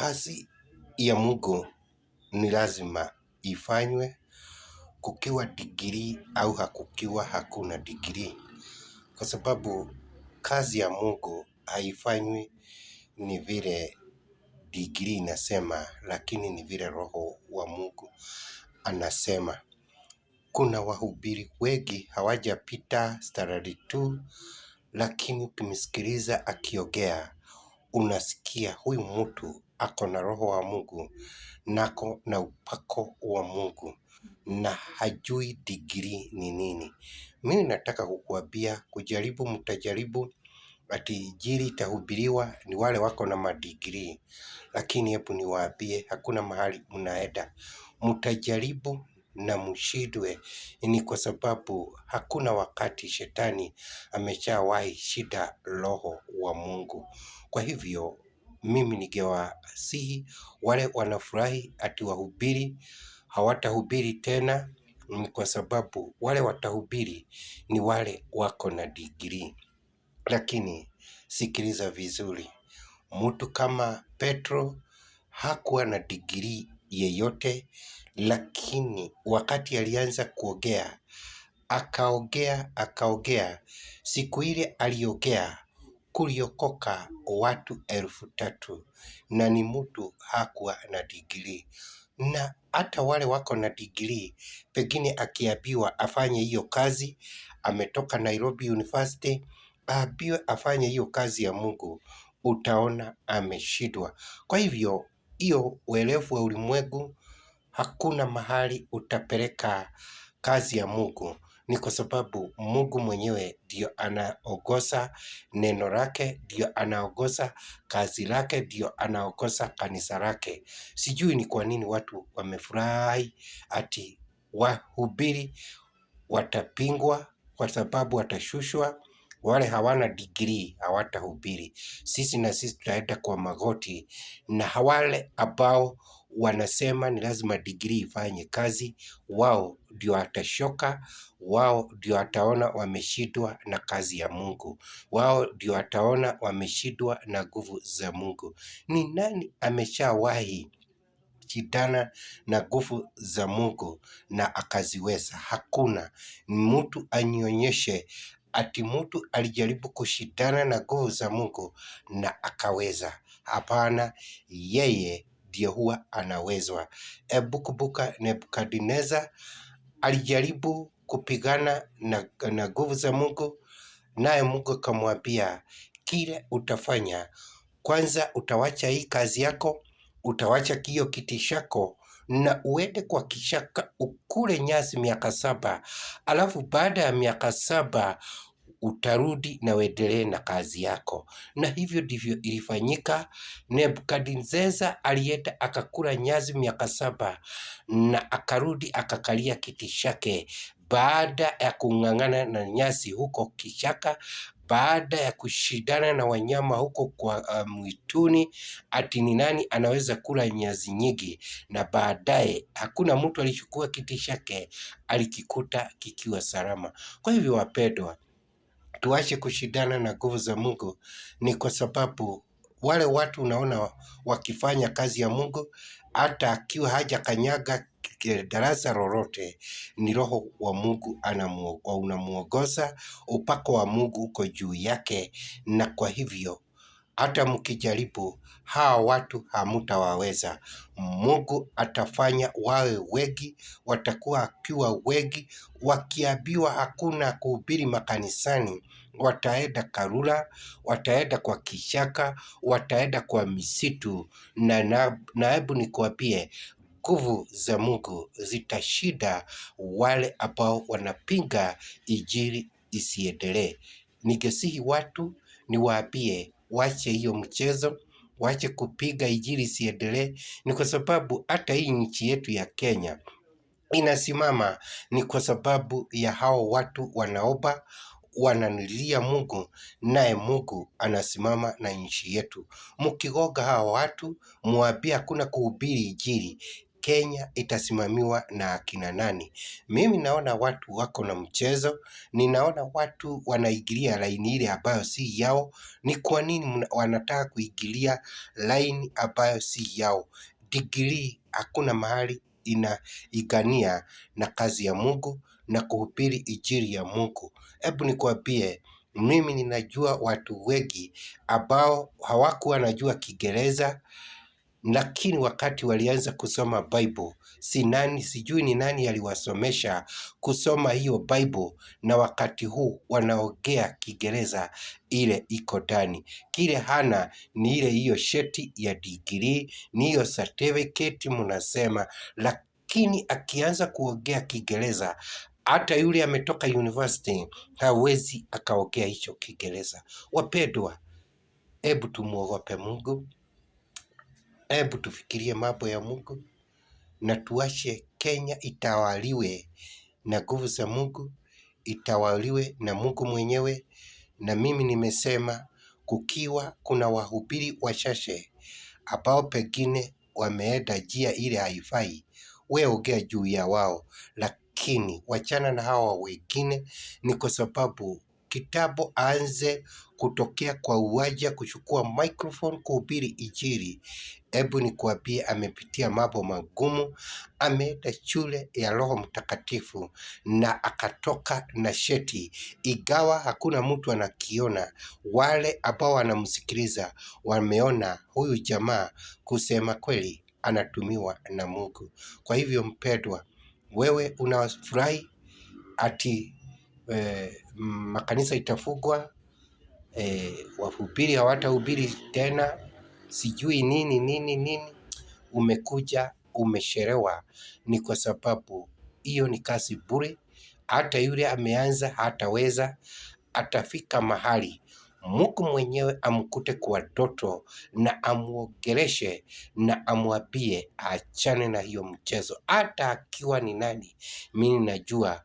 Kazi ya Mungu ni lazima ifanywe kukiwa degree au hakukiwa hakuna degree, kwa sababu kazi ya Mungu haifanywi ni vile degree inasema, lakini ni vile Roho wa Mungu anasema. Kuna wahubiri wengi hawajapita starari tu, lakini ukimsikiliza akiongea unasikia huyu mtu ako na roho wa Mungu nako na upako wa Mungu na hajui digrii ni nini. Mimi nataka kukuambia, kujaribu mtajaribu, ati injili itahubiriwa ni wale wako na madigrii, lakini hebu niwaambie, hakuna mahali mnaenda. Mtajaribu na mshindwe, ni kwa sababu hakuna wakati shetani ameshawahi shida roho wa Mungu. Kwa hivyo mimi ningewasihi wale wanafurahi ati wahubiri hawatahubiri tena kwa sababu wale watahubiri ni wale wako na digrii. Lakini sikiliza vizuri, mtu kama Petro hakuwa na digrii yeyote, lakini wakati alianza kuogea akaogea akaogea, siku ile aliogea kuliokoka watu elfu tatu na ni mtu hakuwa na digrii na hata wale wako na digrii, pengine akiambiwa afanye hiyo kazi, ametoka Nairobi University, aambiwe afanye hiyo kazi ya Mungu, utaona ameshindwa. Kwa hivyo hiyo uelevu wa ulimwengu, hakuna mahali utapeleka kazi ya Mungu ni kwa sababu Mungu mwenyewe ndio anaongoza neno lake, ndio anaongoza kazi lake, ndio anaongoza kanisa lake. Sijui ni kwa nini watu wamefurahi ati wahubiri watapingwa kwa sababu watashushwa wale hawana digrii hawatahubiri. Sisi na sisi tutaenda kwa magoti, na wale ambao wanasema ni lazima degree ifanye kazi, wao ndio watashoka, wao ndio wataona wameshindwa na kazi ya Mungu, wao ndio wataona wameshindwa na nguvu za Mungu. Ni nani ameshawahi shindana na nguvu za Mungu na akaziweza? Hakuna. Mtu anionyeshe ati mtu alijaribu kushindana na nguvu za Mungu na akaweza. Hapana, yeye ndio huwa anawezwa. Hebu kumbuka Nebukadneza alijaribu kupigana na nguvu za Mungu, naye Mungu akamwambia kile utafanya kwanza, utawacha hii kazi yako, utawacha kiyo kiti chako na uende kwa kishaka ukule nyasi miaka saba, alafu baada ya miaka saba utarudi na uendelee na kazi yako. Na hivyo ndivyo ilifanyika. Nebukadnezza alienda akakula nyazi miaka saba na akarudi akakalia kiti chake baada ya kung'ang'ana na nyasi huko kichaka, baada ya kushindana na wanyama huko kwa uh, mwituni, ati ni nani anaweza kula nyasi nyingi. Na baadaye hakuna mtu alichukua kiti chake, alikikuta kikiwa salama. Kwa hivyo wapendwa tuache kushindana na nguvu za Mungu ni kwa sababu wale watu unaona wakifanya kazi ya Mungu, hata akiwa haja kanyaga darasa lolote, ni roho wa Mungu unamuongoza, upako wa Mungu uko juu yake, na kwa hivyo hata mkijaribu hawa watu hamutawaweza. Mungu atafanya wawe wengi, watakuwa akiwa wengi. Wakiambiwa hakuna kuhubiri makanisani, wataenda Karura, wataenda kwa kishaka, wataenda kwa misitu, na, na, na hebu nikuambie nguvu za Mungu zitashinda wale ambao wanapinga injili isiendelee. Ningesihi watu niwaambie wache hiyo mchezo, wache kupiga ijili isiendelee. Ni kwa sababu hata hii nchi yetu ya Kenya inasimama ni kwa sababu ya hao watu wanaoba wananilia Mungu naye Mungu anasimama na nchi yetu. Mkigoga hawa watu, muambie hakuna kuhubiri Injili, Kenya itasimamiwa na akina nani? Mimi naona watu wako na mchezo, ninaona watu wanaingilia laini ile ambayo si yao. Ni kwa nini wanataka kuingilia laini ambayo si yao? Digrii hakuna mahali inaigania na kazi ya Mungu na kuhubiri injili ya Mungu. Hebu nikwambie, mimi ninajua watu wengi ambao hawakuwa wanajua Kiingereza lakini wakati walianza kusoma Bible, si nani, sijui ni nani aliwasomesha kusoma hiyo Bible, na wakati huu wanaongea Kiingereza ile iko ndani. Kile hana ni ile hiyo sheti ya digrii, ni hiyo certificate mnasema, lakini akianza kuongea Kiingereza hata yule ametoka university hawezi akaongea hicho Kiingereza. Wapendwa, hebu tumuogope Mungu. Hebu tufikirie mambo ya Mungu na tuache Kenya itawaliwe na nguvu za Mungu, itawaliwe na Mungu mwenyewe. Na mimi nimesema kukiwa kuna wahubiri wachache ambao pengine wameenda njia ile haifai, wewe ongea juu ya wao, lakini wachana na hawa wengine, ni kwa sababu kitabu aanze kutokea kwa uwaja kuchukua microphone kuhubiri Injili. Hebu nikuambie, amepitia mambo magumu, ameenda shule ya Roho Mtakatifu na akatoka na sheti, ingawa hakuna mtu anakiona. Wale ambao wanamsikiliza wameona huyu jamaa, kusema kweli, anatumiwa na Mungu. Kwa hivyo, mpendwa, wewe unafurahi ati eh, makanisa itafugwa e, wahubiri hawatahubiri tena, sijui nini nini nini. Umekuja umesherewa ni kwa sababu hiyo ni kazi bure. Hata yule ameanza hataweza, atafika mahali Mungu mwenyewe amkute kwa toto na amuogereshe na amwambie achane na hiyo mchezo. Hata akiwa ni nani, mimi najua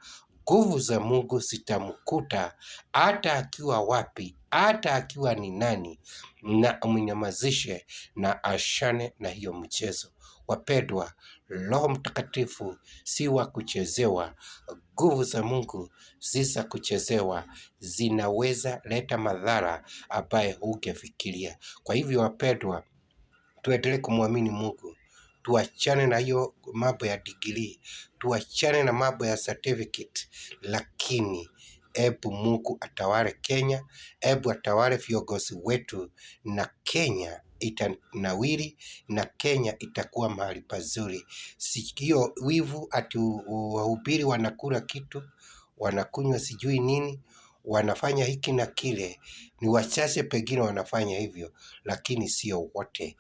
nguvu za Mungu zitamkuta hata akiwa wapi, hata akiwa ni nani, na amnyamazishe na ashane na hiyo mchezo. Wapendwa, Roho Mtakatifu si wa kuchezewa. Nguvu za Mungu si za kuchezewa, zinaweza leta madhara ambaye hugefikiria. Kwa hivyo, wapendwa, tuendelee kumwamini Mungu tuachane na hiyo mambo ya degree, tuachane na mambo ya certificate, lakini ebu Mungu atawale Kenya, ebu atawale viongozi wetu, na Kenya itanawiri na Kenya itakuwa mahali pazuri. Sikio wivu ati wahubiri wanakula kitu wanakunywa sijui nini wanafanya hiki na kile. Ni wachache pengine wanafanya hivyo, lakini sio wote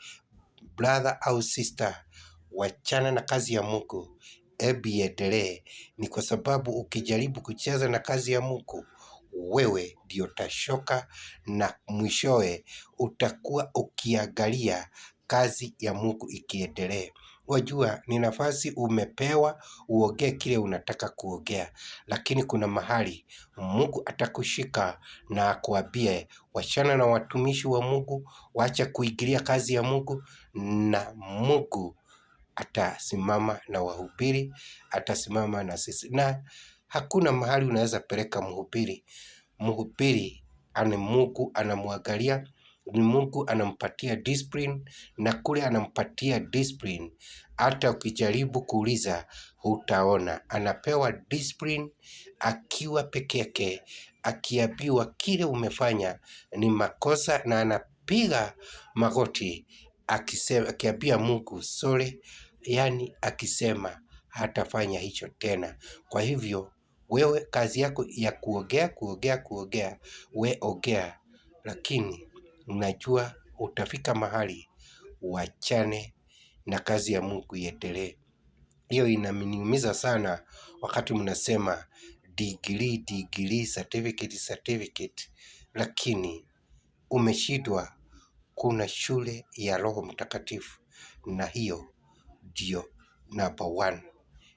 brother au sister, wachana na kazi ya Mungu, ebi iendelee. Ni kwa sababu ukijaribu kucheza na kazi ya Mungu wewe ndio utashoka na mwishowe utakuwa ukiangalia kazi ya Mungu ikiendelee wajua ni nafasi umepewa uongee kile unataka kuongea, lakini kuna mahali Mungu atakushika na akuambie wachana na watumishi wa Mungu, wacha kuingilia kazi ya Mungu, na Mungu atasimama na wahubiri, atasimama na sisi, na hakuna mahali unaweza peleka mhubiri. Mhubiri ani Mungu anamwangalia ni Mungu anampatia discipline, na kule anampatia discipline, hata ukijaribu kuuliza utaona Anapewa discipline akiwa peke yake, akiambiwa kile umefanya ni makosa, na anapiga magoti akisema, akiambia Mungu sore, yani akisema hatafanya hicho tena. Kwa hivyo wewe kazi yako ya kuogea kuogea kuogea, we ogea, lakini najua utafika mahali uachane na kazi ya Mungu iendelee. Hiyo inaniumiza sana wakati mnasema degree, degree, certificate, certificate, lakini umeshindwa. Kuna shule ya Roho Mtakatifu na hiyo ndio number one.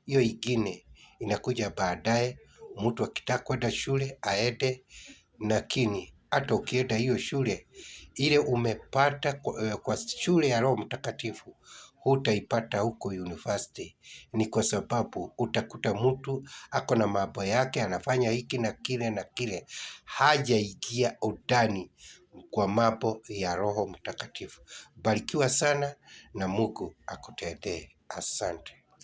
Hiyo ingine inakuja baadaye, mtu akitaka kwenda shule aende, lakini hata ukienda hiyo shule ile umepata kwa, eh, kwa shule ya Roho Mtakatifu hutaipata huko university. Ni kwa sababu utakuta mtu ako na mambo yake, anafanya hiki na kile na kile, hajaingia undani kwa mambo ya Roho Mtakatifu. Barikiwa sana na Mungu akutendee. Asante.